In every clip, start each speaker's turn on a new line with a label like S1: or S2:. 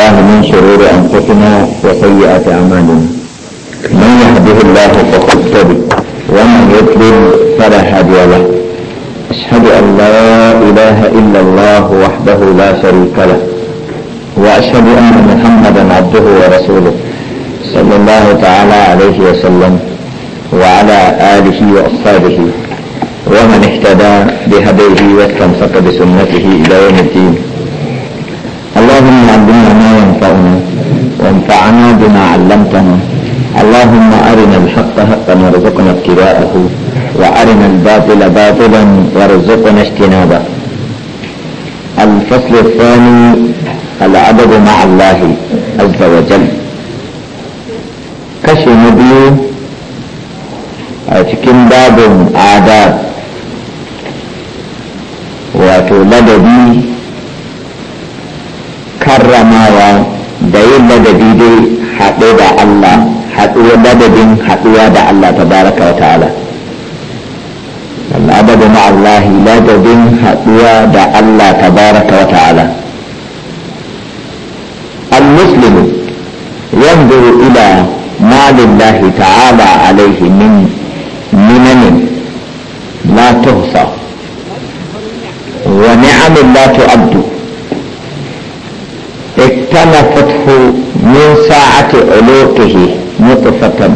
S1: بالله من شرور أنفسنا وسيئات أعمالنا من يهده الله فقد سبق ومن يضلل فلا هادي له أشهد أن لا إله إلا الله وحده لا شريك له وأشهد أن محمدا عبده ورسوله صلى الله تعالى عليه وسلم وعلى آله وأصحابه ومن اهتدى بهديه واستمسك بسنته إلى يوم الدين ينفعنا وانفعنا بما علمتنا اللهم أرنا الحق حقا وارزقنا اتباعه وأرنا الباطل باطلا وارزقنا اجتنابه الفصل الثاني العدد مع الله عز وجل كشف نبي اتكن باب adab wato بي karramawa da yin madadi dai haɗe da Allah haɗuwa madadin haɗuwa da Allah ta baraka wa ta'ala al'abadu ma'allahi madadin haɗuwa da Allah ta baraka wa ta'ala المسلم ينظر إلى ما لله تعالى عليه من منن لا تحصى ونعم لا تعد اختلفته من ساعة علوقه نطفة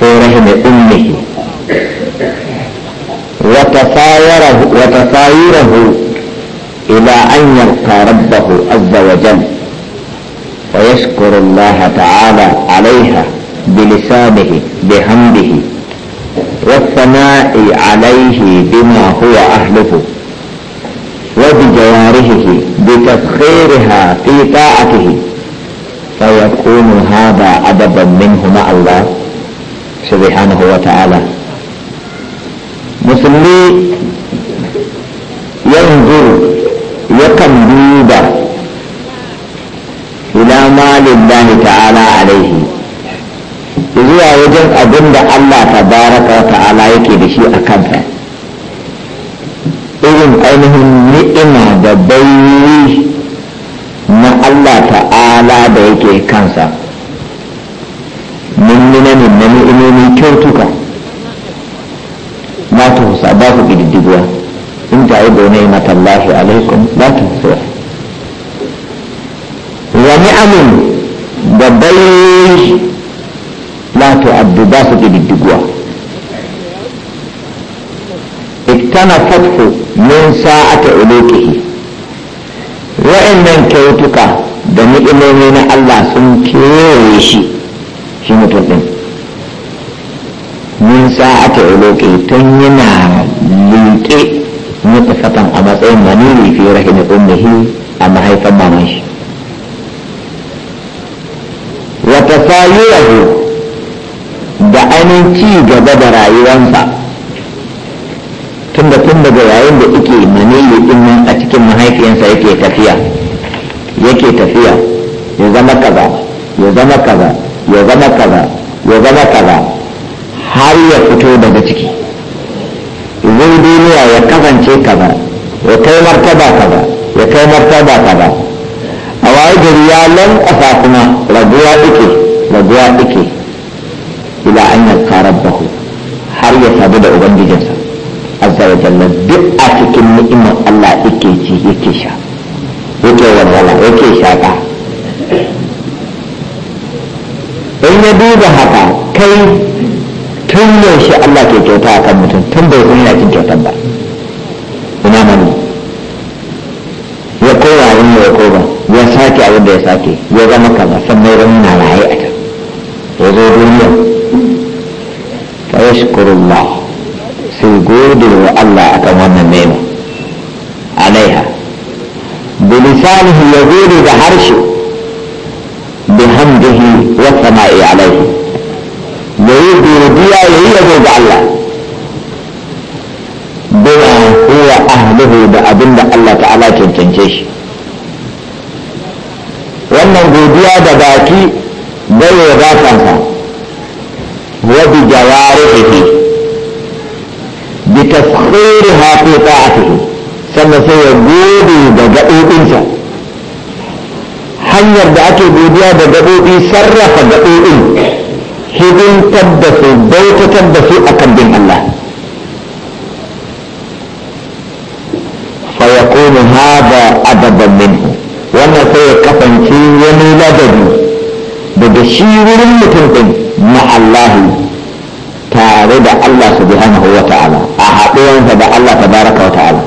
S1: في رحم أمه وتصايره, وتصايره إلى أن يلقى ربه عز وجل ويشكر الله تعالى عليها بلسانه بحمده والثناء عليه بما هو أهله بجوارحه بتسخيرها في طاعته فيكون هذا أدبا منه مع الله سبحانه وتعالى مسلمي ينظر يكن دوبا إلى ما لله تعالى عليه zuwa wajen abin da Allah tabaraka wa ta'ala yake da shi a kansa irin ainihin ni'ima da bayi na Allah ta'ala da yake kansa mun nuna ne na ni'imomin kyautuka ba ta husa ba ku ƙididdigwa in ta yi gone na tallafi alaikum ba ta husa wa ni'amin da bayi la tu'addu ba su ƙididdigwa tana fatfo min sa'ata ulukihi wa'annan kyautuka da ni'imomi na Allah sun kewaye shi shi mutum din min sa'ata ulukihi tun yana liƙe mutafatan a matsayin maniri fi rahimin ummihi a mahaifan maman wata sayurahu da ainihin ci gaba da rayuwansa tunda tun daga yayin da yake maniyi din nan a cikin mahaifiyarsa yake tafiya yake tafiya ya zama kaza ya zama kaza ya zama kaza ya zama kaza har ya fito daga ciki zai duniya ya kasance kaza ya kai martaba kaza ya kai martaba kaza a waye gari ya lankwasa kuma raguwa ike raguwa ike ila an yarka rabbahu har ya sadu da ubangijinsa azza wa jalla duk a cikin ni'imar Allah yake ci yake sha yake walwala yake shaƙa in ya duba haka kai tun yaushe Allah ke kyauta a kan mutum tun bai san cin kyautar ba ina mani ya koya abin da ya koya ya sake abin da ya sake ya zama kaza sannan ya na raye a ya zo duniya fa yashkurullah su gode wa Allah akan wannan nema alaiha bilisanihi ya gode da harshe bihamdihi wa sama'i alaihi yayi godiya yayi yabo ga Allah bima huwa ahlihu da abinda Allah ta'ala cancance shi wannan godiya da baki bai wa bakansa wa bi jawarihi bi taskhiriha fi ta'atihi sannan sai ya gode da gaɗoɗinsa hanyar da ake godiya da gaɓoɓi sarrafa gaɗoɗin hidimtar da su bautatar da su akan bin Allah fa yakunu hadha adaban minhu wannan sai ya kasance wani ladabi daga shi wurin mutum din na allahu tare da Allah subhanahu wa ta'ala haɗuwansa da Allah ta baraka wa ta'ala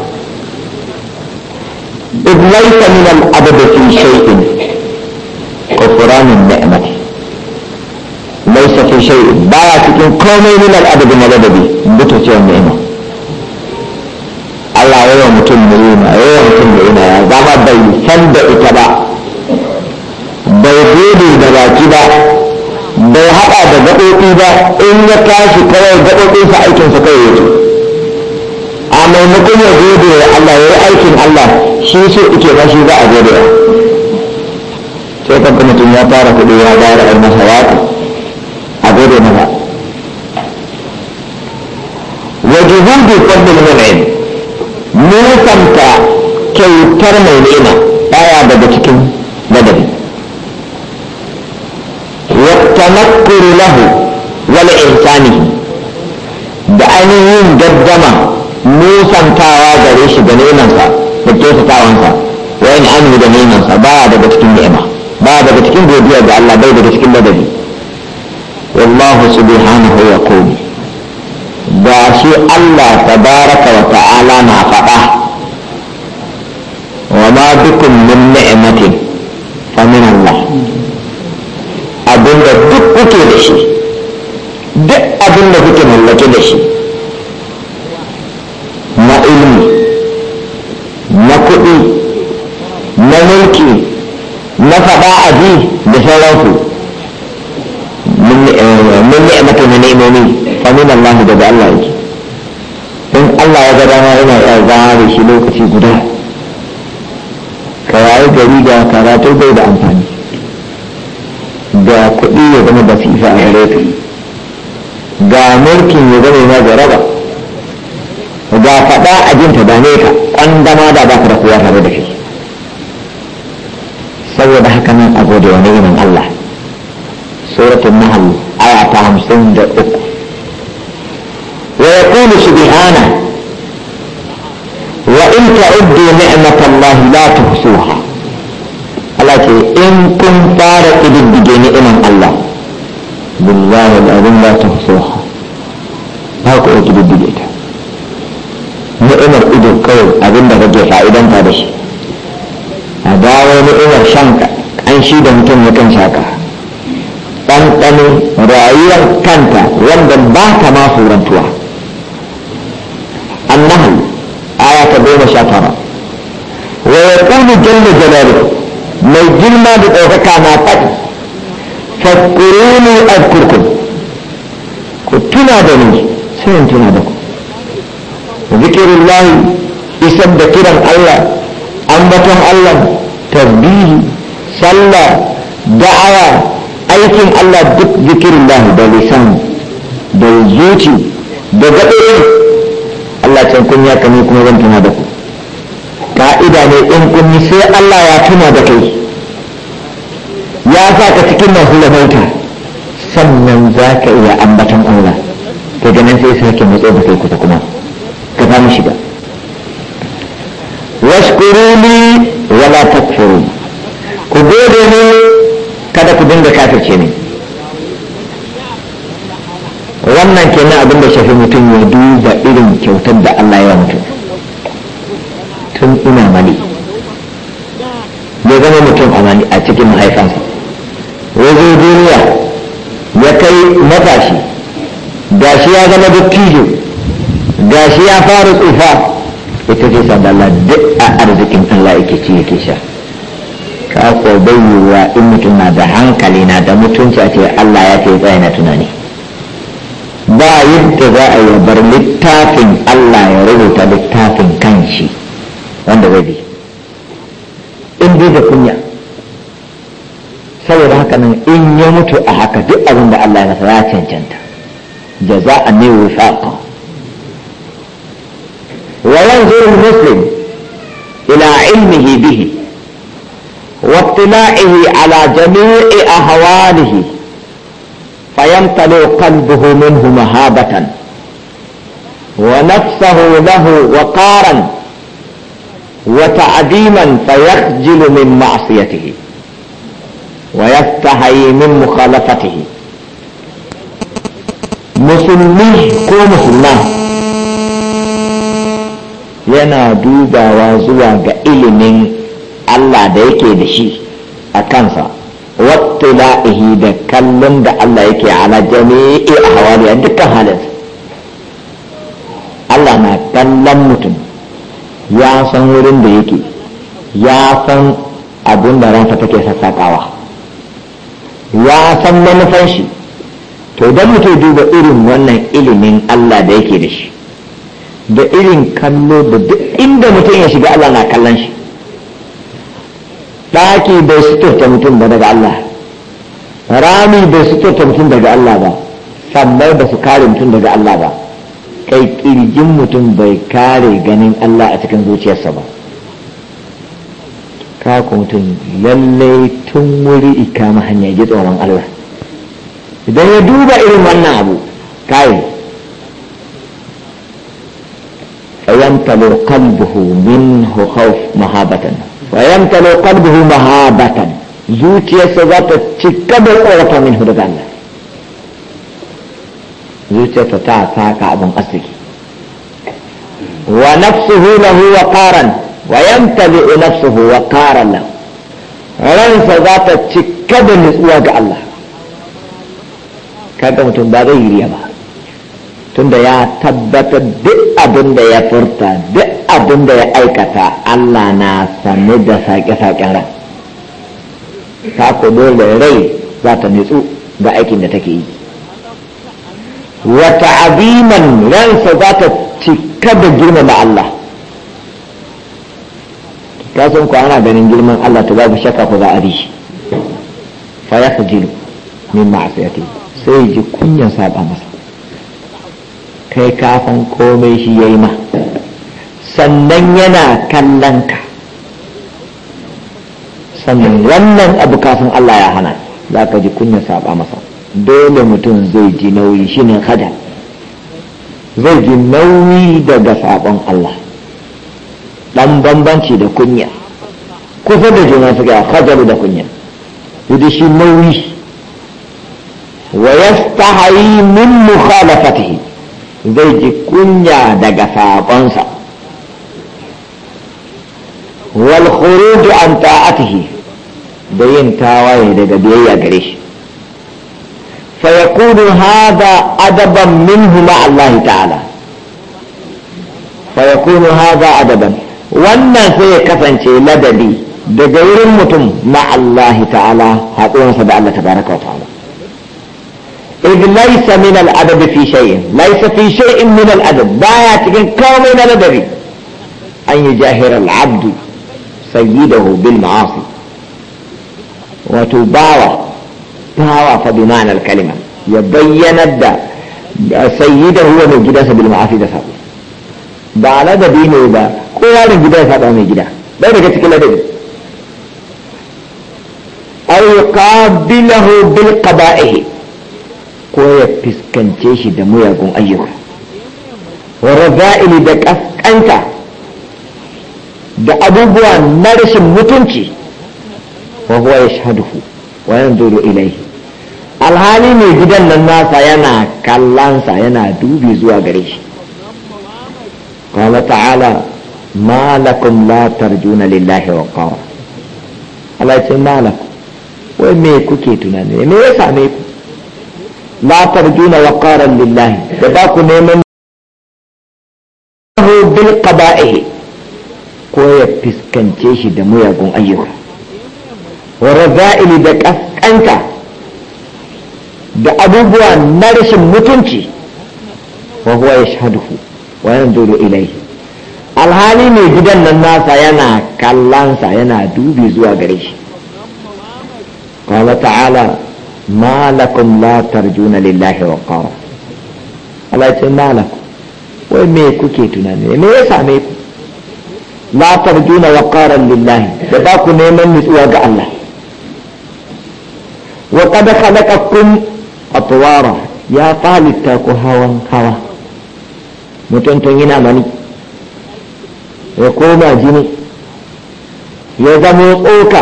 S1: إذ ليس من العبد في شيء كفران النعمة ليس في شيء بايا تكون كومي من العبد مددبي بتوتي النعمة Allah ya yi mutum ni'ima yi mutum ya zama bai san da ita ba bai gudu da baki ba bai haɗa da gaɓoɓi ba in ya tashi kawai gaɓoɓinsa aikinsa kawai yake maimakon ya gode wa Allah ya yi aikin Allah shi so ike ba shi za a gode wa sai kanka mutum ya fara kuɗi ya bayar a masa yaƙi a gode masa wa juhudu fadlul mu'min nisanta kyautar mai nema baya daga cikin ladabi wa tanakkuru lahu wal ihsanihi da ainihin gaddama nisantawa gare shi da nemansa da kyautatawansa wa yana anu da nemansa ba daga cikin ni'ima ba daga cikin godiya ga Allah bai daga cikin ladabi wallahu subhanahu ya qul ba shi Allah tabaraka wa ta'ala na faɗa wa ma na mulki na faɗa a ji da sauransu mun ni'imata eh, na ni'imomi fa min Allah daga Allah yake in Allah ya ga dama ya zama da shi lokaci guda ka yayi gari da karatu bai da amfani da kuɗi ya zama basifa a gare ka ga mulkin ya zama ya na ba ga faɗa a jinta ne ka ƙwandama da ba ka da kowa tare da shi saboda haka nan a da wani neman Allah suratul nahl aya ta 53 wa yaqulu subhana wa in ta'uddu ni'matallahi la tuhsuha Allah ce in kun fara kididdige ni'iman Allah billahi al'azim la tuhsuha ba ku kididdige ta ni'imar ido kawai abinda kake fa'idan ta da shi a dawo ni'imar shan shi da mutum ya kan shaka ɗanɗano rayuwar kanta wanda ba ta ma furantuwa annahal aya ta goma sha tara wa yaqulu jalla jalaluhu mai girma da ɗaukaka na faɗi fakuruni azkurkum ku tuna da ni sai in tuna da ku zikirullahi isar da kiran Allah ambaton Allah tabbihi sallah da'awa aikin Allah duk zikirin Allah da lisan da zuci da gaɗe Allah can kun ya kame kuma zan tuna da ku ka'ida ne in kunni sai Allah ya tuna da kai ya sa ka cikin masu lamaita sannan za ka iya ambaton Allah to ganin sai sake matso da kai kusa kuma ka samu shiga li wala takfuru ku gode ni kada ku dinga kafirce ni wannan kenan abin da shafi mutum ya duba irin kyautar da Allah ya mutum tun ina mali ya zama mutum a cikin mahaifansa ya zo duniya ya kai matashi gashi ya zama dattijo gashi ya fara tsufa ita ce sa Allah duk a arzikin Allah yake ci yake sha ka ko bai in mutum na da hankali na da mutunci a ce Allah ya ce tsaya na tunani ba yadda za a yi bar littafin Allah ya rubuta littafin kanshi wanda zai bi in dai da kunya saboda haka nan in ya mutu a haka duk abin da Allah ya masa ya cancanta jaza'a ne wifaqa وينظر المسلم إلى علمه به واطلاعه على جميع أهواله فيمتلئ قلبه منه مهابة ونفسه له وقارا وتعديما فيخجل من معصيته ويستحي من مخالفته مسلمي كو مسلمان yana dubawa zuwa ga ilimin Allah da yake da shi a kansa wattu la'ihi da kallon da Allah yake ala jami'i a hawaliya dukkan halin Allah na kallon mutum ya san wurin da yake ya san abin da ransa take sassaƙawa ya san manufan shi to don mutum duba irin wannan ilimin Allah da yake da shi da irin kallo da duk inda mutum ya shiga Allah na kallon shi ɗaki bai suturta mutum ba daga Allah rami bai suturta mutum daga Allah ba sannan ba su kare mutum daga Allah ba kai ƙirgin mutum bai kare ganin Allah a cikin zuciyarsa ba kaku mutum lallai tun wuri ikama hanya ji tsoron Allah idan ya duba irin wannan abu kai فيمتلئ قلبه منه خوف مهابة ويمتلئ قلبه مهابة زوج يسوات تكبر قوة منه دقال زوتي تتاع ساكا أبن أسك ونفسه له وقارا ويمتلئ نفسه وقارا له ولن سوات تكبر قوة الله كيف متنبغي يريبها tunda ya tabbatar duk abin da ya furta duk abin da ya aikata Allah na sami da saƙe-saƙen ran ta dole rai za ta nutsu ga aikin da take yi wata abiman ransa za ta cika da girmama Allah kasan ku ana ganin girman Allah ta babu shakka ku za a bi shi fa ya min ma'asiyati sai ji kunyan saba masa kai kafin komai shi ya yi ma sannan yana kallon ka sannan wannan abu kafin Allah ya hana za ka ji kunya saba masa dole mutum zai ji nauyi shi ne hada zai ji nauyi daga sabon Allah dan bambanci da kunya kusa da juna suke a kajalu da kunya yadda shi nauyi wa yastahayi min mukhalafatihi zai ji kunya daga saƙonsa wal khuruju an ta'atihi da yin tawaye daga biyayya gare shi fa yakunu adaban minhu ma Allah ta'ala fa haza adaban wannan sai ya kasance ladabi daga wurin mutum na Allah ta'ala haƙurinsa da Allah tabaraka wa ta'ala إذ ليس من الأدب في شيء ليس في شيء من الأدب بايتك كومي من الأدب أن يجاهر العبد سيده بالمعاصي وتباوى باوى فبمعنى الكلمة يبين الدا سيده هو من جداس بالمعاصي دفع سابق ba ladabi ne ba kowa da gida ya saba mai gida bai ko ya fiskance shi da muyagun ayyuka wa raza'ili da kaskanta da abubuwa na rashin mutunci wa huwa shahadu. wa yanzuru ilai? alhali mai gidan nan nasa yana kallansa yana dubi zuwa gare shi qala ta'ala ma lakum la tarjuna lillahi wa qara Allah ce ma lakum wai me kuke tunani me ya same ku la tarjuna qaran lillahi da ba ku neman hu bil qada'i ko ya fiskance shi da muyagun ayyuka wa raza'ili da kaskanta da abubuwa na rashin mutunci wa huwa yashhaduhu wa yanzuru ilayhi alhali ne gidan nan nasa yana kallansa yana dubi zuwa gare shi qala ta'ala Malakun latar juna tarjuna lillahi wa qara Allah ce ma wai me kuke tunani me ya same ku latar juna wa qara lillahi da ba ku neman nutsuwa ga Allah wa qad kun atwara ya falita ku hawan hawa mutum tun yana mani ya koma jini ya zama tsoka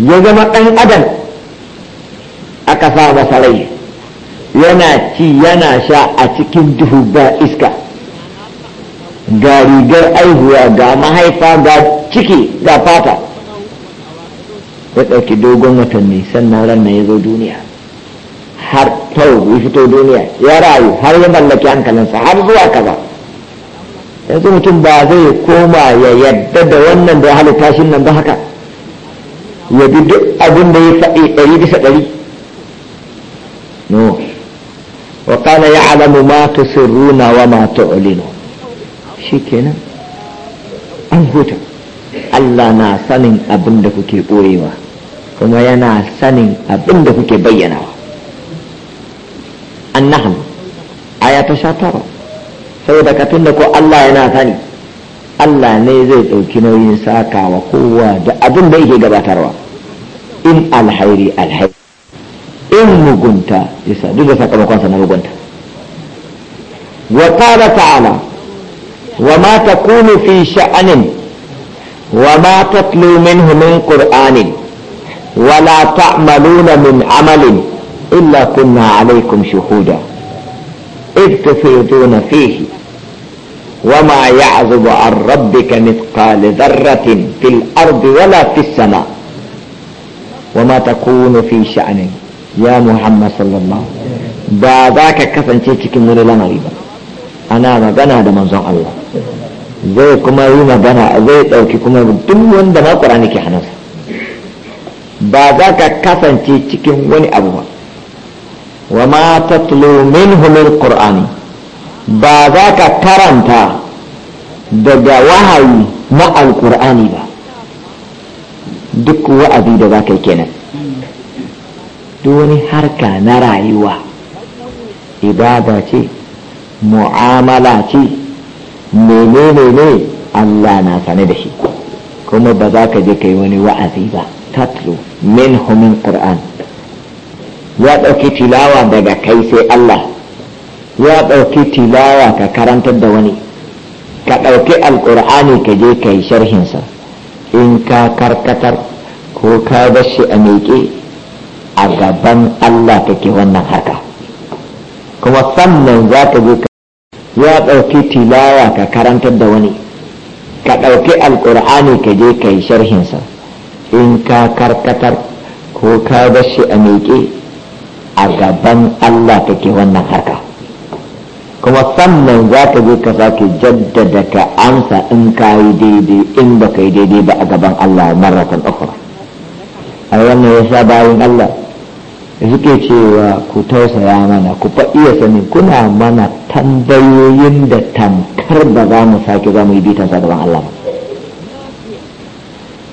S1: ya zama ɗan adam aka sa masa rai yana ci yana sha a cikin duhu ba iska ga rigar aihuwa ga mahaifa ga ciki ga fata ya ɗauki dogon watanni sannan ranar ya zo duniya har tau ya fito duniya ya rayu har ya mallaki hankalinsa har zuwa kaza yanzu mutum ba zai koma ya yadda da wannan da halitta shi nan ba haka ya bi duk abin da ya faɗi ɗari bisa ɗari wa kana ya'lamu ma tusirruna wa ma tu'linu shikenan an huta Allah na sanin abin da kuke korewa kuma yana sanin abin da kuke bayyanawa annahan aya ta tara saboda katin ko Allah yana sani Allah ne zai ɗauki nauyin sakawa kowa da abin da yake gabatarwa in alhairi alhairi in mugunta isa duk da sakamakonsa na mugunta wa qala ta'ala wa ma takunu fi sha'anin wa ma tatlu minhu min qur'anin wa la ta'maluna min amalin illa kunna alaykum shuhuda إذ تفيضون فيه وما يعزب عن ربك مثقال ذرة في الأرض ولا في السماء وما تكون في شأنه ya muhammad sallallahu ba za ka kasance cikin wani lamari ba ana magana da manzon Allah zai kuma yi magana zai ɗauki kuma duk wanda na ƙurani ke hannunsa ba za ka kasance cikin wani abu ba wa ma tatlu minhu min qur'ani ba za ka karanta daga wahayi na alqur'ani ba duk wa'azi da za ka yi kenan wani harka na rayuwa ibada ce mu'amala ce menene ne Allah na sane da shi kuma ba za ka je ka yi wani wa'azi ba tatlu min humin qur'an ya ɗauki tilawa daga kai sai Allah ya ɗauki tilawa ka karantar da wani ka ɗauki alƙur'ani ka je ka yi sharhinsa in ka karkatar ko ka bar shi a miƙe a gaban Allah ke wannan haka kuma sannan za ka je ka ya ɗauki tilawa ka karantar da wani ka ɗauki alƙur'ani ka je ka yi sharhinsa in ka karkatar ko ka bashi a miƙe a gaban Allah take wannan haka kuma sannan za ka je ka sake jaddada ka amsa in ka yi daidai in ba ka yi daidai ba a gaban Allah maratan ukhra a wannan ya sa bayan Allah rike cewa ku tausaya mana ku iya sani kuna mana tambayoyin da tamkar ba za mu sake za mu yi bitan sa gaban Allah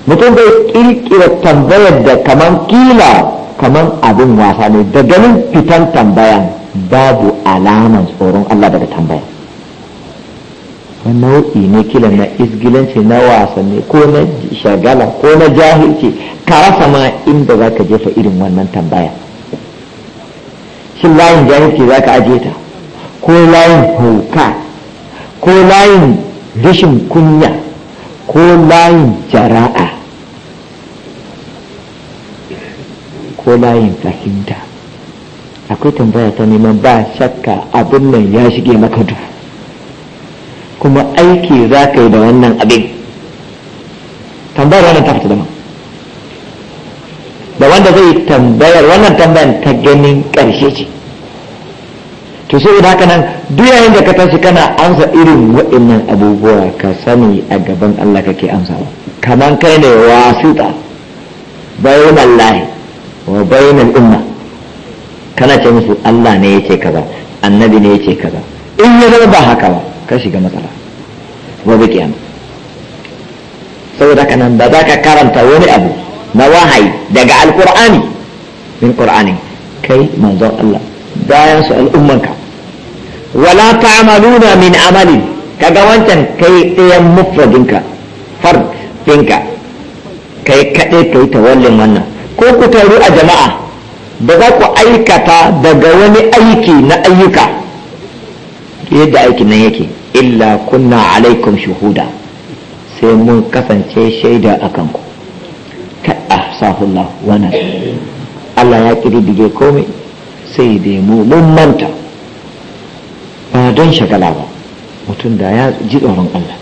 S1: mutum zai kirkira tambayar da kaman kila kaman abin wasa ne da ganin fitan tambayan babu alaman tsoron Allah daga tambaya na nau'i ne kila na isgilanci na wasanni ko na shagala ko na jahilci ka rasa ma inda za ka jefa irin wannan tambaya shin layin jahilci za ka ajiye ta ko layin hauka ko layin rashin kunya ko layin jara'a ko layin fahimta akwai tambaya ta neman ba shakka abin nan ya shige maka duk kuma aiki za ka yi da wannan abin tambayar wannan ta fita daban da wanda zai tambayar wannan tambayar ta ganin ƙarshe ce to saboda haka nan duk yayin da ka tashi kana amsa irin waɗannan abubuwa ka sani a gaban Allah kake amsawa kaman kai ne wasita bayan Allah wa bayan umma kana ce musu Allah ne yake kaza annabi ne yake kaza in ya zama ba haka ba ka shiga matsala wa bi kiyama saboda kana da ba za ka karanta wani abu na wahayi daga alqur'ani min qur'ani kai manzon Allah bayan su al'ummanka wala ta ta'maluna min amalin kaga wancan kai ɗayan mufradinka fard ɗinka kai kaɗai kai tawallin wannan ko ku taru a jama'a da za ku aikata daga wani aiki na ayyuka yadda aikin nan yake illa kunna alaikum shuhuda sai mun kasance shaida a kanku ka ahsahullah wannan Allah ya ƙididdige komai sai dai mu mun manta ba don shagala ba mutum da ya ji tsoron Allah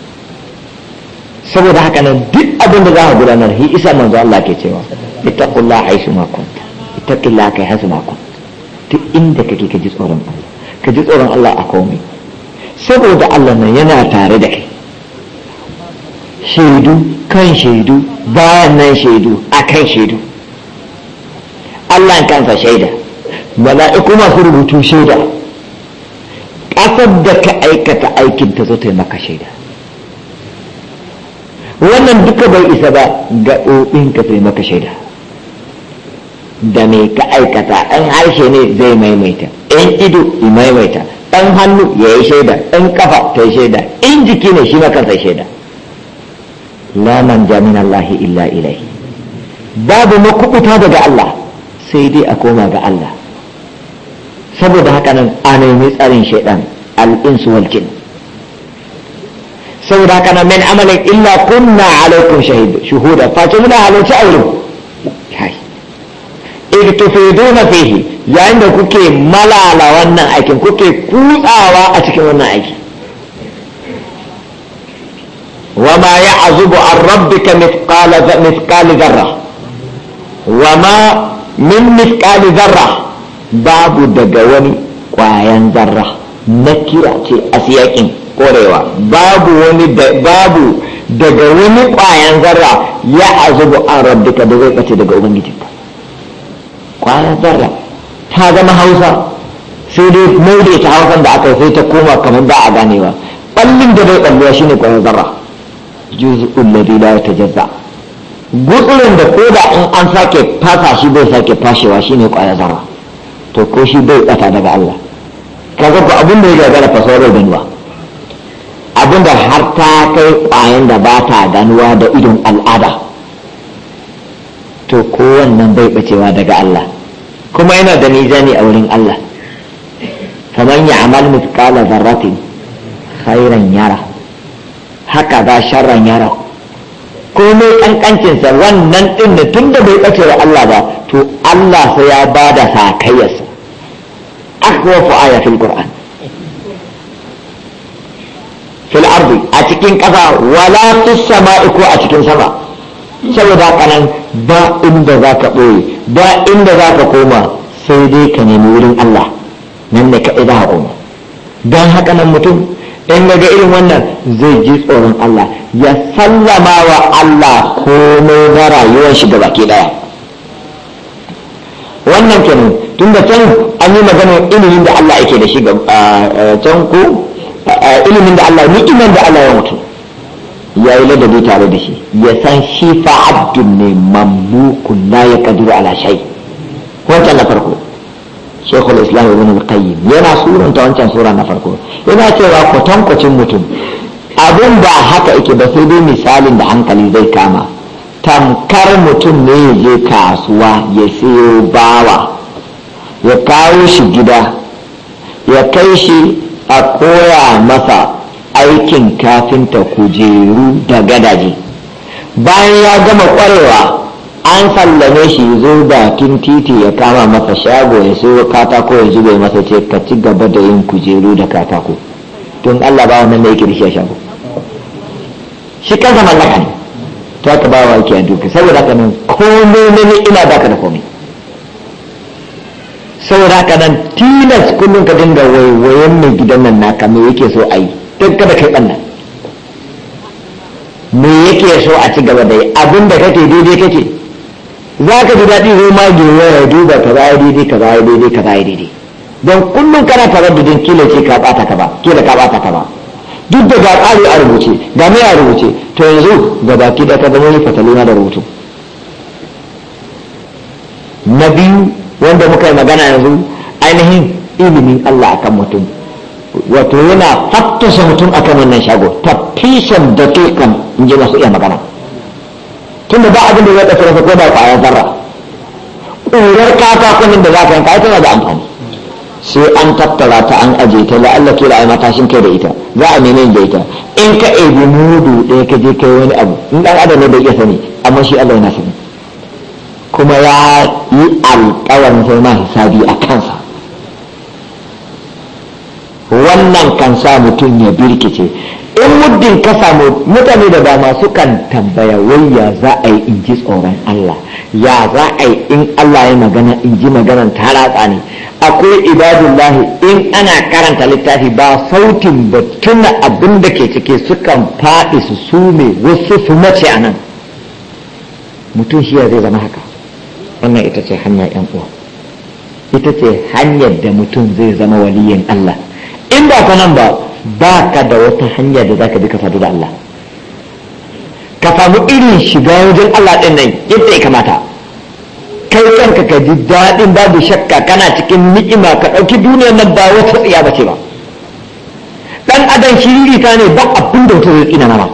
S1: saboda haka nan duk abin da za a gudanar hi isa manzo Allah ke cewa ittaqullah aisu ma kunta ittaqillah kai hasu ma kunta duk inda kake ka ji tsoron Allah ka ji tsoron Allah a komai saboda Allah nan yana tare da kai shaidu kan shaidu bayan nan shaidu a kan shaidu Allah kansa shaida mala'iku masu rubutu shaida ƙasar da ka aikata aikin ta zo ta yi maka shaida wannan duka bai isa ba ga ka ta yi maka shaida da me ka aikata ɗan harshe ne zai maimaita ɗan ido ya maimaita ɗan hannu ya yi shaida ɗan kafa ta yi shaida in jiki ne shi sai shaida la man jamin illa ilahi babu makubuta daga Allah sai dai a koma ga Allah saboda haka nan a nemi tsarin shaidan al'insu wal saboda haka nan min amalin illa kunna alaikum shahid shuhuda face muna halarci a wurin na fihi yayin da kuke malala wannan aikin kuke kutsawa a cikin wannan aiki وما يعزب عن ربك مثقال مثقال ذرة وما من مثقال ذرة babu daga wani kwayan zarra na kira ce a siyakin korewa babu wani babu daga wani kwayan zarra ya azubu an rabdika da zai kace daga ubangijinka kwayan zarra ta zama hausa sai dai maude ta hausan da aka sai ta koma kamar ba a ganewa ballin da bai ballewa shine kwayan zarra juz'ul ladhi la yatajazza gutsurin da koda in an sake fasa shi bai sake fashewa shine kwayan zarra to ko shi bai bata daga Allah kaga ba abin da ya gara fasarar ganuwa abin da har ta kai ƙwayan da ba ta ganuwa da idon al'ada to kowannan bai bacewa daga Allah kuma yana da nizani a wurin Allah kamar ya amal mithqala zarratin khairan yara haka za sharran yara komai kankancinsa wannan ɗin da tun da bai ɓace wa Allah ba to Allah sai ya ba da sakayyarsa akwafu ayatul qur'an fil ardi a cikin ƙasa wala fis sama'i ko a cikin sama saboda kanan ba inda za ka ɓoye ba inda za ka koma sai dai ka nemi wurin Allah nan ne ka ida don haka nan mutum in ga irin wannan zai ji tsoron Allah ya sallama wa Allah komai na rayuwar shi gabaki daya wannan kenan tun da can an yi maganar ilimin da Allah yake da shi ga can ku. ilimin da Allah ni'imar da Allah ya mutu ya yi ladabi tare da shi ya san shi fa abdun ne mamlukun na ya kaduru ala shai wancan na farko shekul islam ibn al-qayyim yana suranta wancan sura na farko yana cewa kwatankwacin mutum abin ba haka ike ba sai dai misalin da hankali zai kama tamkar mutum ne je kasuwa ya siyo bawa ya kawo shi gida ya kai shi a koya masa aikin kafinta kujeru da gadaje bayan ya gama kwarewa an sallame shi zo bakin titi ya kama masa shago ya siyo katako ya zube masa ce ka ci gaba da yin kujeru da katako tun allah ba wannan mai yake shi a shago shi kansa mallaka ne to haka ba wa yake duka saboda haka nan komai na ni'ima ba ka da komai saboda haka nan tilas kullum ka dinga waiwayen mai gidan nan naka me yake so a yi duk kada kai ɓanna me yake so a ci gaba da yi abin da kake daidai kake za ka ji daɗi zo ma gewa ya duba ka ba daidai ka ba daidai ka ba daidai don kullum kana tare da kila ce ka ɓata ka ba kila ka ɓata ka ba duk da ga ƙari a rubuce ga mai a rubuce to yanzu ga baki da ta zama yi na da rubutu na biyu wanda muka yi magana yanzu ainihin ilimin Allah akan mutum wato yana fattasa mutum akan wannan shago tafishan da ke kan in ji masu iya magana tunda ba abin da zai ɗafi rasa ko da ƙwayar zarra ƙurar katakunan da za ka yanka na da amfani sai an tattara ta an ajiye ta la'alla kila matashin kai da ita za a nemi da ita in ka ebi mudu ɗaya ka je kai wani abu in ɗan adam ne bai iya sani amma shi Allah yana sani kuma ya yi alƙawarin sai ma hisabi a kansa wannan kan sa mutum ya birkice in muddin ka samu mutane da dama sukan tambaya wai ya za a yi in ji tsoron Allah ya za a yi in Allah ya magana in ji maganan ta ratsa ne akwai ibadullahi in ana karanta littafi ba sautin ba tuna abin da ke cike sukan faɗi su sume wasu su mace a nan mutum shi ya zai zama haka wannan ita ce hanyar yan uwa ita ce hanyar da mutum zai zama waliyin Allah in ba ta nan ba ba ka da wata hanya da za ka bi ka sadu da Allah ka samu irin shiga wajen Allah ɗin nan yadda ya kamata kai kanka ka ji daɗin babu shakka kana cikin ni'ima ka ɗauki duniyar nan ba wata tsiya ba ce ba ɗan adam rita ne ba abin da wata zai tsina nama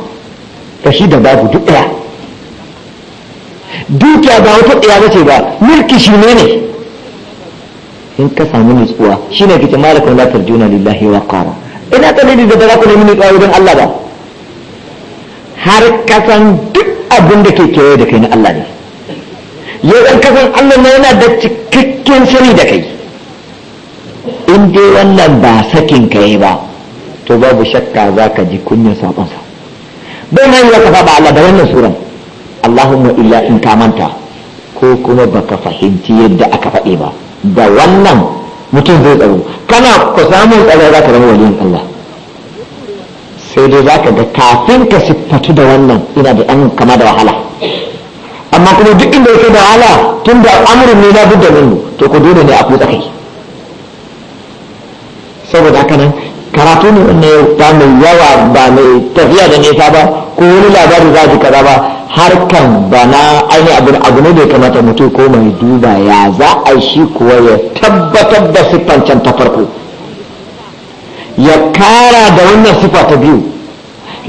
S1: ka shi da babu duk ɗaya dukiya ba wata tsiya ba ce ba mulki shi ne ne in ka samu nutsuwa shine kace malakun la juna lillahi wa qara ina ta da ba za ku nemi nutsuwa wajen Allah ba har kasan duk abin da ke kewaye da kai na Allah ne yau kasan Allah na yana da cikakken shiri da kai in dai wannan ba sakin ka ba to babu shakka za ka ji kunyar saƙonsa bai na yi wata faɗa Allah da wannan suran Allahumma illa in ka manta ko kuma baka fahimci yadda aka faɗe ba da wannan mutum zai tsaro kana ku samu tsaro za ka zama waliyin Allah sai dai za ka ga kafin ka siffatu da wannan ina da ɗan kama da wahala amma kuma duk inda yake da wahala tun da amurin ne na budda minnu to ku dole ne a kutsa kai saboda haka nan karatu ne wannan ya ba mai yawa ba mai tafiya da nesa ba ko wani labari za ji kaza ba harkan bana aini abu ne da ya kamata mutum ko mai duba ya za a shi kuwa ya tabbatar da siffancen ta farko ya kara da wannan siffa ta biyu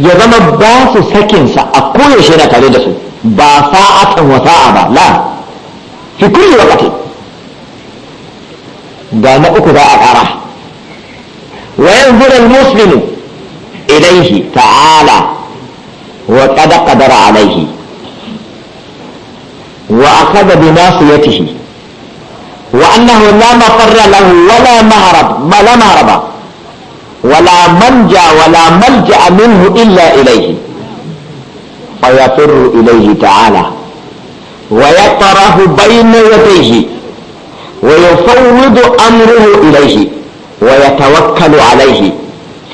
S1: ya zama ba su sakinsa a koyaushe na tare da su ba sa'atan wa sa'a ba la fi kulli waqti ga na uku za a kara wa yanzuru al-muslimu ilayhi ta'ala وقد قدر عليه وأخذ بناصيته وأنه لا مفر له ولا مهرب ولا مهرب ولا منجا ولا ملجأ منه إلا إليه فيفر إليه تعالى ويطرح بين يديه ويفوض أمره إليه ويتوكل عليه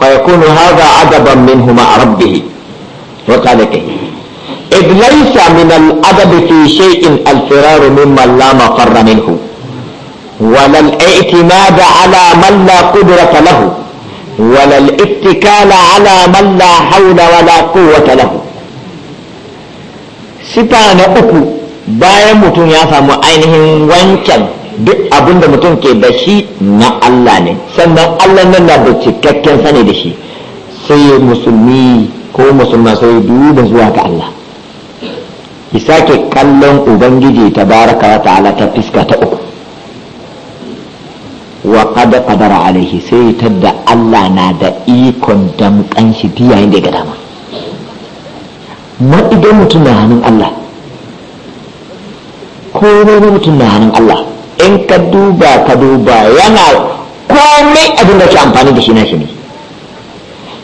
S1: فيكون هذا عجبا منه مع ربه وقالته إذ ليس من الأدب في شيء الفرار ممن لا مفر منه ولا الاعتماد على من لا قدرة له ولا الاتكال على من لا حول ولا قوة له sifa na uku bayan mutum ya samu ainihin wancan duk abin da mutum ke da shi na Allah ne sannan Allah nan na da cikakken sani da shi sai musulmi ko musulma sai duba zuwa ta Allah ki sake kallon ubangiji ta baraka wa ta'ala ta fiska ta uku wa qad qadara alaihi sai tadda Allah na da ikon damkan shi biyayen da ga dama ma idan mutum na hannun Allah ko na mutum na hannun Allah in ka duba ka duba yana komai abin da ke amfani da shi na shi ne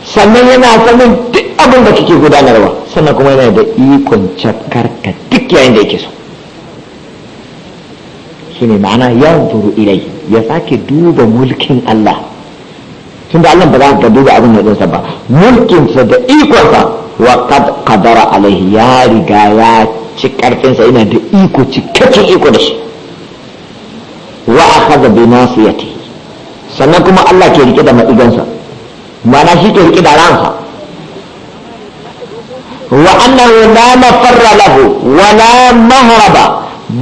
S1: sannan yana sanin abin da kike gudanarwa sannan kuma yana da ikon ka duk yayin da yake so shi ne ma'ana ya zuru ilai ya sake duba mulkin Allah tunda Allah ba za ka duba abin da dinsa ba mulkinsa da ikonsa wa kad qadara alaihi ya riga ya ci karfinsa yana da iko cikakken iko da shi wa akhadha bi nasiyati sannan kuma Allah ke rike da madigansa ma'ana shi ke rike da ransa وأنه لا مفر له ولا مهرب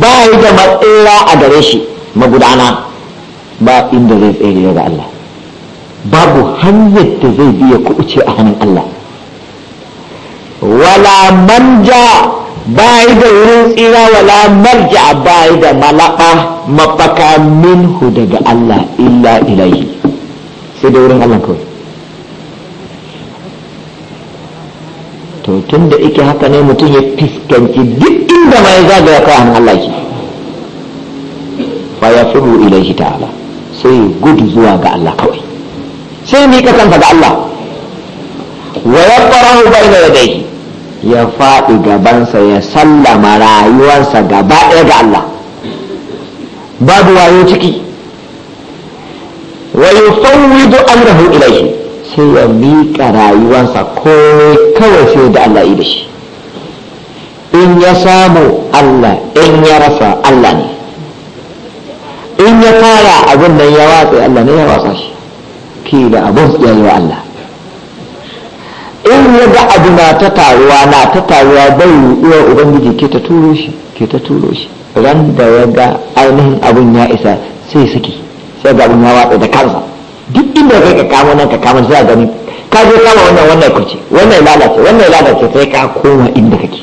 S1: بايد مطيرا أدريشي مقدعنا با إن دريد إيري يا الله babu hanyar da zai biya kuɗi ce a hannun Allah wala manja bayi da wurin tsira wala marja bayi da malaka mafaka minhu daga Allah illa ilai to tun da ike haka ne mutum ya fiskanci duk inda ma ya zagaya an Allah shi fa ya furu ilaihi ta'ala sai gudu zuwa ga Allah kawai sai mi ka kansa ga Allah wa ya farahu bayna yadayhi ya faɗi gabansa ya sallama rayuwarsa gaba ɗaya ga Allah babu wayo ciki wa yufawwidu amrahu ilaihi sai ya miƙa rayuwarsa komai kawai sai da Allah yi da shi in ya samu Allah in ya rasa Allah ne in ya fara abin nan ya watsa Allah ne ya watsa shi ke da abin ya yi wa Allah in ya ga abu na ta taruwa na ta taruwa bai yiwuwa ubangiji ke ta turo shi ke ta turo shi ran da ya ga ainihin abin ya isa sai saki sai ga abin ya watsa da kansa duk inda kai ka kama nan ka kama sai a gani ka je kama wannan wannan kuce wannan lalace wannan lalace sai ka koma inda kake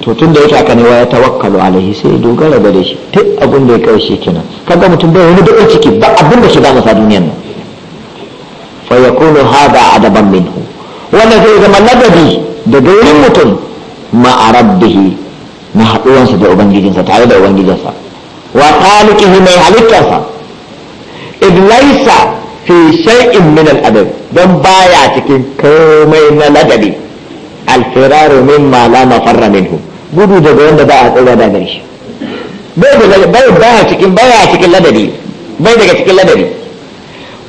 S1: to tun da yake aka ne ya tawakkalu alaihi sai dogara gare shi duk abin da ya shi kenan kaga mutum bai wani daɗin ciki ba abin da shi ba masa duniyan nan fa yakunu hada adaban minhu wannan zai zama ladabi daga wurin mutum ma'arabbihi na haɗuwansa da ubangijinsa tare da ubangijinsa wa khaliqihi mai halittarsa id laysa fi shay'in min al don baya cikin komai na ladabi al-firaru mimma la mafarra minhu gudu daga wanda ba a tsira da shi bai baya cikin baya cikin ladabi bai daga cikin ladabi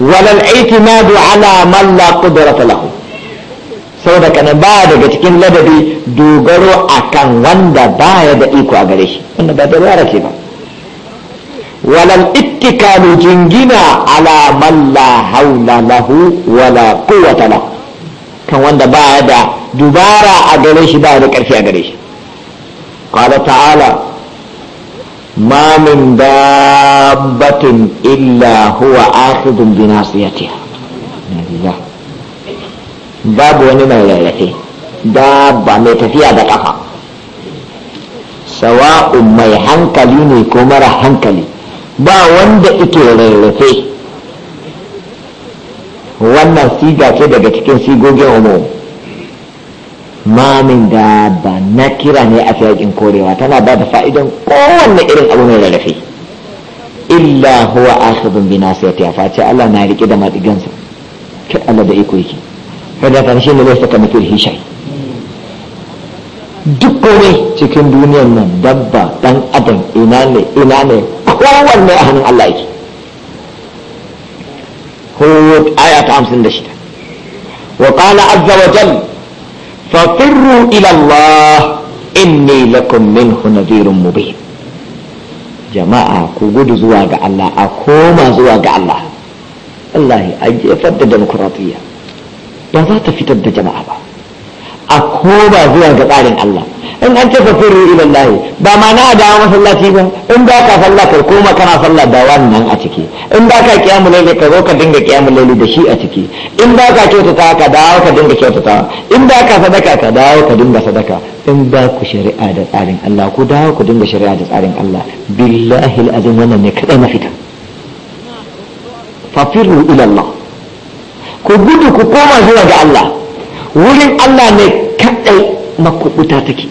S1: walal aitimadu ala man la qudrata lahu saboda kana ba daga cikin ladabi dogaro akan wanda baya da iko a gare shi wanda ba da ce ba walal ittikalu jingina ala man la haula lahu wala quwwata lahu kan wanda ba da dubara a gare shi ba da karfi a gare shi qala ta'ala ma min dabbatin illa huwa akhidun bi nasiyatiha babu wani mai rarrafe dabba mai tafiya da kafa sawa'un mai hankali ne ko mara hankali ba wanda ike rarrafe wannan siga ce daga cikin sigogin homo mamin da ba na kira ne a fiyakin korewa tana ba da fa'idan kowanne irin abu mai rarrafe illa huwa akhidun bi nasiyati fa ce Allah na riƙe da madigansa kai Allah da iko yake kada shi ne zai saka mutum hishai duk wani cikin duniyar nan dabba dan adam ina ne ina ne kowanne a hannun Allah yake hud aya ta hamsin da shida wa qala azza wa jal fafirru ila Allah inni lakum minhu nadhirun mubin jama'a ku gudu zuwa ga Allah a koma zuwa ga Allah wallahi a jefar da demokratiya ba za ta fitar da jama'a ba a koda zuwa ga tsarin Allah in an ce fafiru ila Allah ba ma na dawo masallaci ba in ba ka sallah ka koma kana sallah da wannan a ciki in ba ka kiyamu laili ka zo ka dinga kiyamu laili da shi a ciki in ba ka kyautata ka dawo ka dinga kyautata in ba ka sadaka ka dawo ka dinga sadaka in ba ku shari'a da tsarin Allah ku dawo ku dinga shari'a da tsarin Allah billahi alazim wannan ne kadai mafita fafiru ila Allah ku gudu ku koma zuwa ga Allah wurin Allah ne kaɗai makubuta take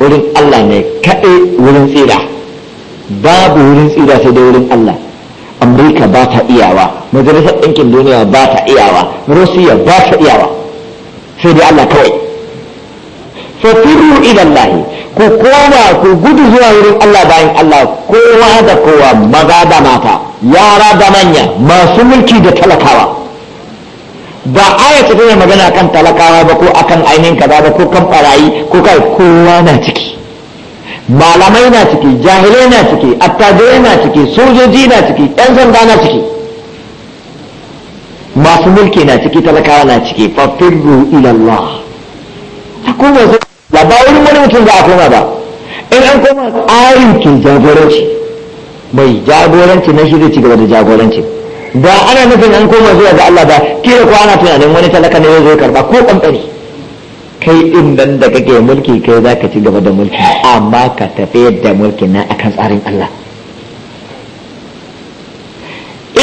S1: wurin Allah ne kaɗai wurin tsira babu wurin tsira sai da wurin Allah amurka ba ta iyawa majalisar ɗinkin duniya ba ta iyawa rusiya ba ta iyawa sai dai Allah kawai idan lahi, ku koma ku gudu zuwa wurin Allah bayan Allah kowa da kowa maza da mata yara da manya masu mulki da talakawa ba aya ta tana magana kan talakawa ba ko akan ainihin kaza ba ko kan barayi ko kai kowa na ciki malamai na ciki jahilai na ciki attajirai na ciki sojoji na ciki 'yan sanda na ciki masu mulki na ciki talakawa na ciki fafirru ilallah ta kuma su ba ba wani wani mutum za a koma ba in an koma tsarin ke jagoranci mai jagoranci na shirya ci gaba da jagoranci ba ana nufin an koma zuwa ga Allah ba kira ko ana tunanin wani talaka ne zai karba ko kamfani kai in nan da kake mulki kai za ka ci gaba da mulki amma ka tafi da mulki na akan tsarin Allah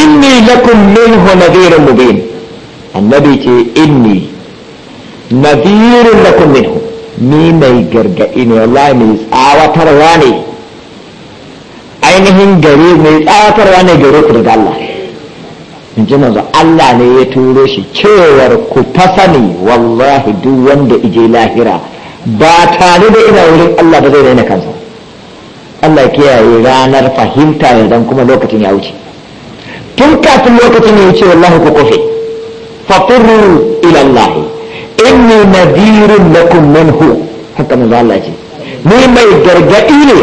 S1: inni lakum minhu nadhirun mubin annabi ce inni nadhirun lakum minhu ni mai gargadi ne wallahi mai tsawatarwa ne ainihin gare mai tsawatarwa ne gare ku daga Allah in ji manzo Allah ne ya turo shi cewar ku ta sani wallahi duk wanda ije lahira ba tare da ina wurin Allah ba zai daina kansa Allah ya kiyaye ranar fahimta ne dan kuma lokacin ya wuce tun kafin lokacin ya wuce wallahi ku kofe faqurru ila Allah inni nadirun lakum minhu haka manzo Allah ce ni mai gargadi ne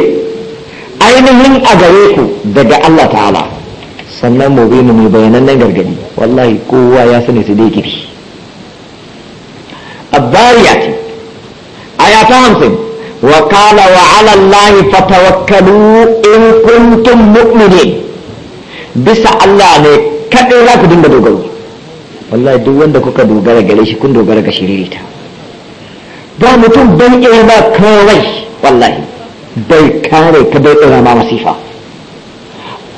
S1: ainihin a gare ku daga Allah ta'ala sannan mun mai bayanannen gargadi wallahi kowa ya sani su dai kifi abbariya aya ta hamsin wa kala wa ala allahi fatawakkalu in kuntum mu'minin bisa Allah ne kadai za ku dinga dogaro wallahi duk wanda kuka dogara gare shi kun dogara ga shiririta ba mutum ban iya ba kawai wallahi bai kare ka bai tsira ma masifa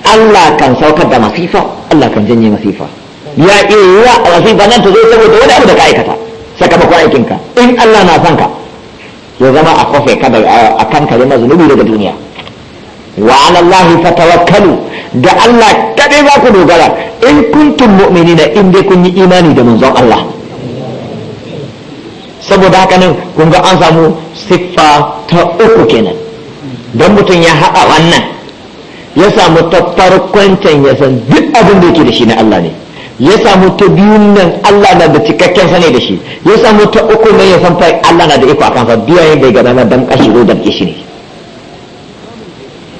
S1: Allah kan saukar da masifa Allah kan janye masifa ya iya wa a masifa nan ta zo saboda wani abu da ka aikata sakamakon aikinka in Allah na son ka ya zama a kofe kada a kan ka mazunubi zunubi daga duniya wa ala Allah tawakkalu da Allah kadai za ku dogara in kuntum mu'minina in dai kun yi imani da manzon Allah saboda haka nan kun ga an samu siffa ta uku kenan don mutum ya haɗa wannan ya samu ta farkon ya san duk abin da yake da shi na Allah ne ya samu ta biyun nan Allah na da cikakken sani da shi ya samu ta uku nan ya san fa Allah na da iko akan sa yin bai gana na dan kashi da dan kishi ne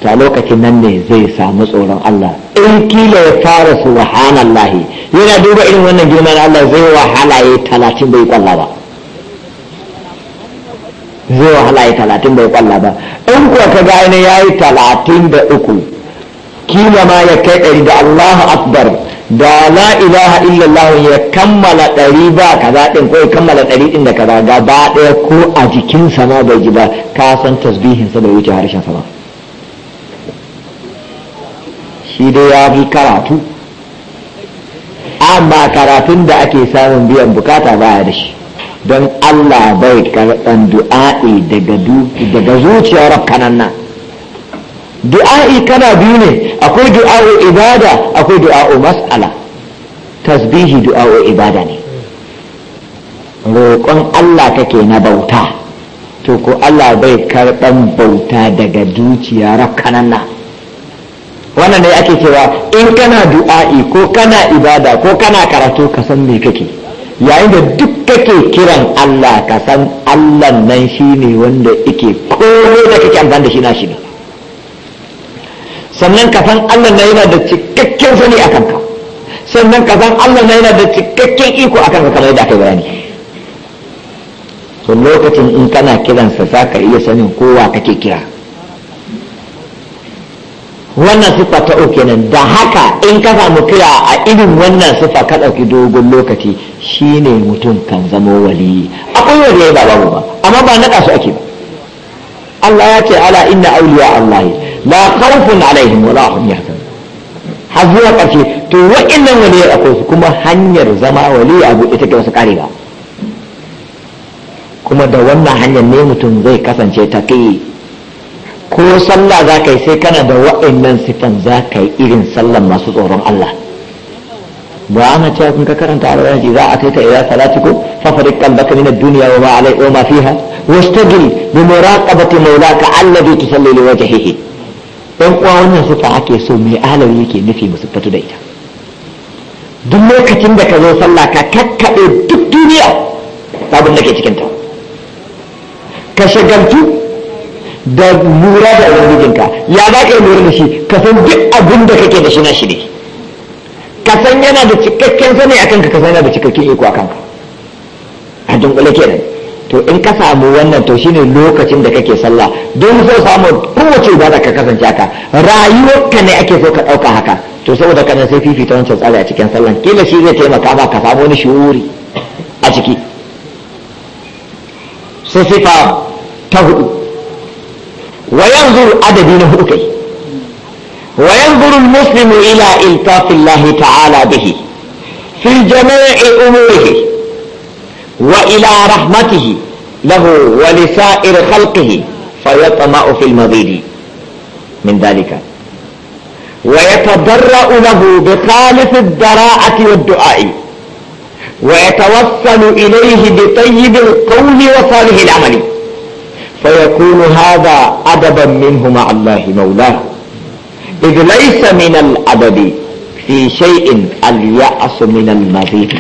S1: ta lokacin nan ne zai samu tsoron Allah in kila ya fara subhanallah yana duba irin wannan girma na Allah zai wahala ya talatin bai kwalla ba zai wahala ya talatin bai kwalla ba in kuwa ka ga ya yi talatin da uku kila ma ya kai ɗari da Allahu akbar da la ilaha illallah ya kammala ɗari ba kaza ɗin ko ya kammala ɗari ɗin da kaza gaba ɗaya ko a jikinsa ma bai ji ba ka san sa bai wuce harshen ba shi dai ya fi karatu amma karatun da ake samun biyan bukata baya da shi don Allah bai karɓan du'a'i daga zuciyar kanan nan du'a'i kana biyu ne akwai du'a'u ibada akwai du'a'u mas'ala tasbihi du'a'u ibada ne roƙon Allah kake na bauta to ko Allah bai karɓan bauta daga dukiya na wannan ne ake cewa in kana du'a'i ko kana ibada ko kana karatu ka san me kake yayin da duk kake kiran Allah ka san Allah nan shine wanda yake komai da kake amfani da shi na shi ne sannan ka Allah na yana da cikakken sani a kanka sannan ka san Allah na yana da cikakken iko a kanka kamar yadda aka bayani to lokacin in kana kiransa za ka iya sanin kowa kake kira wannan sifa ta uku kenan da haka in ka samu kira a irin wannan sifa ka ɗauki dogon lokaci shine mutum kan zama wali akwai ya ba babu ba amma ba naɗa su ake ba Allah ya ce ala inna auliya Allah la karfin alaihim wala hum yahzanun har zuwa ƙarshe to wa'annan waliyar akwai su kuma hanyar zama wali abu ita ke wasu ƙari ba kuma da wannan hanyar ne mutum zai kasance ta kai ko sallah za ka yi sai kana da wa'annan sifan za ka yi irin sallan masu tsoron Allah ba ana cewa kun ka karanta a ji za a kai ka ila salati ko fa fariq qalbaka min ad wa ma alai wa ma fiha wastajil bi muraqabati mawlaka alladhi tusalli li wajhihi ɗan uwa wannan sufa ake so mai alawi yake nufi musu fito da ita duk lokacin da ka zo sallah ka kakkaɓe duk duniya abin da ke cikinta ka shagaltu da lura da ubangijinka ya zaƙe ka lura da shi ka san duk abin da kake da shi na shi ne ka san yana da cikakken sani akan ka ka san yana da cikakken iko akan ka a dunkule kenan to in ka samu wannan to shine lokacin da kake sallah don so samu kowace ibada ka kasance haka rayuwarka ne ake so ka ɗauka haka to saboda kana sai fifita wancan tsari a cikin sallan kila shi zai taimaka ba ka samu wani shuri a ciki sai sifa ta hudu wa yanzu adabi na hudu kai wa yanzuru muslimu ila iltafillahi ta'ala bihi fi jami'i umurihi وإلى رحمته له ولسائر خلقه فيطمع في المزيد من ذلك ويتضرأ له بخالص الضراعة والدعاء ويتوصل إليه بطيب القول وصالح العمل فيكون هذا أدبا منه مع الله مولاه إذ ليس من الأدب في شيء اليأس من المزيد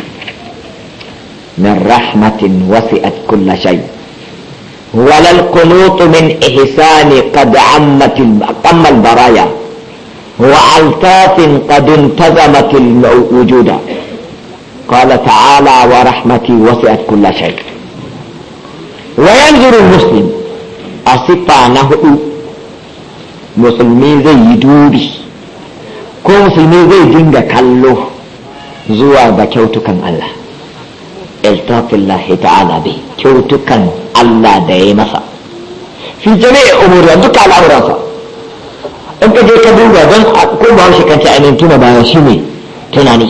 S1: من رحمة وسئت كل شيء ولا القنوط من إحسان قد عمت قم البرايا وألطاف قد انتظمت الوجود قال تعالى ورحمتي وسئت كل شيء وينظر المسلم أصفى نهو مسلمين زي يدوري كو مسلمين زي جنجا كله زوى بكوتكم الله iltafin lahi ta'ala bai kyautukan Allah da ya masa fi jami'a umuriya duka al'amuransa in ka je ka duba don ko ba shi kanta ainihin bayan shi ne tunani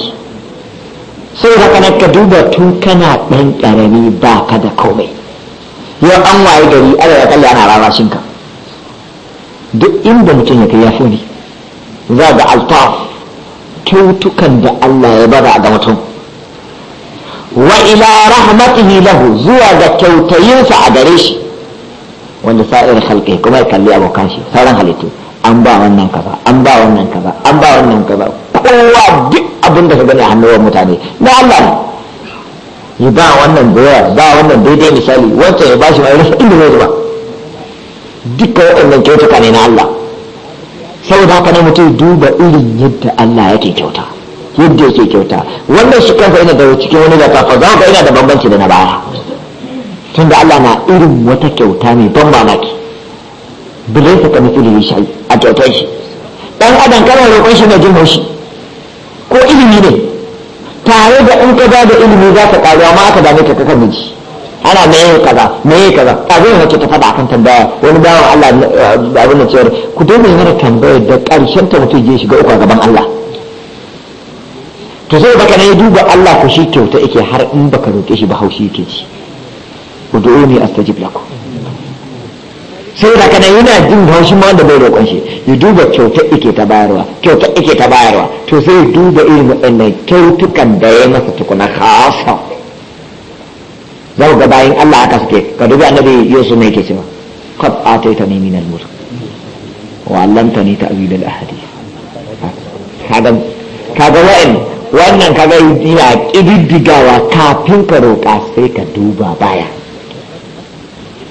S1: sai haka nan ka duba tun kana ɗan ƙarami ba ka da komai yau an waye gari ala ya kalli ana rarashin ka duk inda mutum ya kai ya fi za ga altaf kyautukan da Allah ya bada ga mutum wa ila rahmatihi lahu zuwa ga kyautayinsa a gare shi wanda sa'ir halƙe kuma ya kalli abokan shi sauran halittu an ba wannan kaza an ba wannan kaza an ba wannan kaza kowa duk abin da ka gani a hannuwan mutane na Allah ne ya ba wannan doya ba wannan daidai misali wancan ya ba shi mai rasa da zai zuba duka waɗannan kyautuka ne na Allah saboda haka ne mutum duba irin yadda Allah yake kyauta yadda yake kyauta wannan shi kanfa yana da cikin wani da kafa za ka yana da bambanci da na baya tun da Allah na irin wata kyauta mai ban mamaki bilai ka kamar fili shi a kyautar shi dan adam kana roƙon shi da girman shi ko ilimi ne tare da in ka ba da ilimi za ka ƙaruwa amma aka dame ka ka kan miji ana yi kaza yi kaza abin zai wace ta faɗa akan tambaya wani bawan Allah eh, abin da cewa ku mai mara tambayar da ƙarshen ta mutum ya shiga uku a gaban Allah to sai baka ne duba Allah ko shi kyauta yake har in baka roƙe shi ba haushi yake ci ud'uni astajib lakum sai da kana yana jin haushi ma da bai roƙon shi ya duba kyauta yake ta bayarwa kyauta yake ta bayarwa to sai duba irin wannan kyautukan da ya masa tukuna khasa zau ga bayan Allah aka suke ka dubi annabi Yusuf ne yake cewa qad ni min al mur wa 'allamtani ta'wil al-ahadith kaga kaga wa'in wannan kaga yana ƙididdigawa kafin ka roƙa sai ka duba baya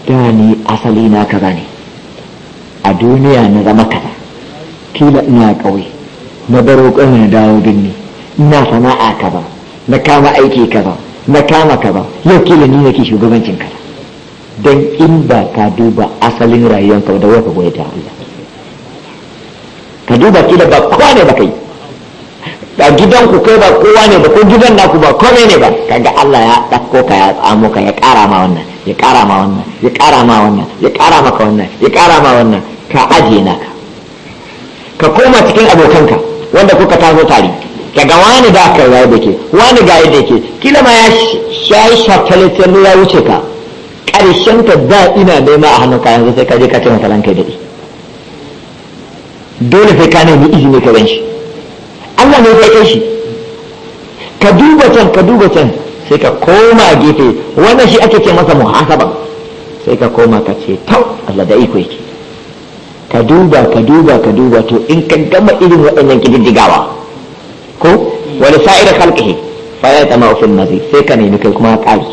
S1: da ni asali na kaza ne a duniya na zama kaza kila ina ƙauye na baro ƙauye na dawo birni ina sana'a kaza na kama aiki kaza na kama kaza yau kila ni nake shugabancin kaza don in ba ka duba asalin rayuwanka da wata goyi ta Allah ka duba kila ba kowa ne ba kai da gidanku kai ba kowa ne ba ko gidan naku ba kome ne ba kaga Allah ya ɗauko ka ya tsamo ka ya kara ma wannan ya kara ma wannan ya kara ma wannan ya kara maka wannan ya kara ma wannan ka aje na ka koma cikin abokanka wanda kuka taso tare daga wani da aka rayu da ke wani ga yadda ke kila ma ya shayi shafalitin ya wuce ka karshen ka da ina nema a ka yanzu sai ka je ka ce masa ranka daɗi dole sai ka nemi izini ka gan shi Allah ne ya kai shi ka duba can ka duba can sai ka koma gefe wannan shi ake ce masa muhasaba sai ka koma ka ce tau Allah da iko yake ka duba ka duba ka duba to in ka gama irin waɗannan kididdigawa ko wani sa'ira khalqihi fa ya tama fil mazi sai ka nemi kai kuma ƙari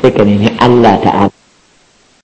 S1: sai ka nemi Allah ta'ala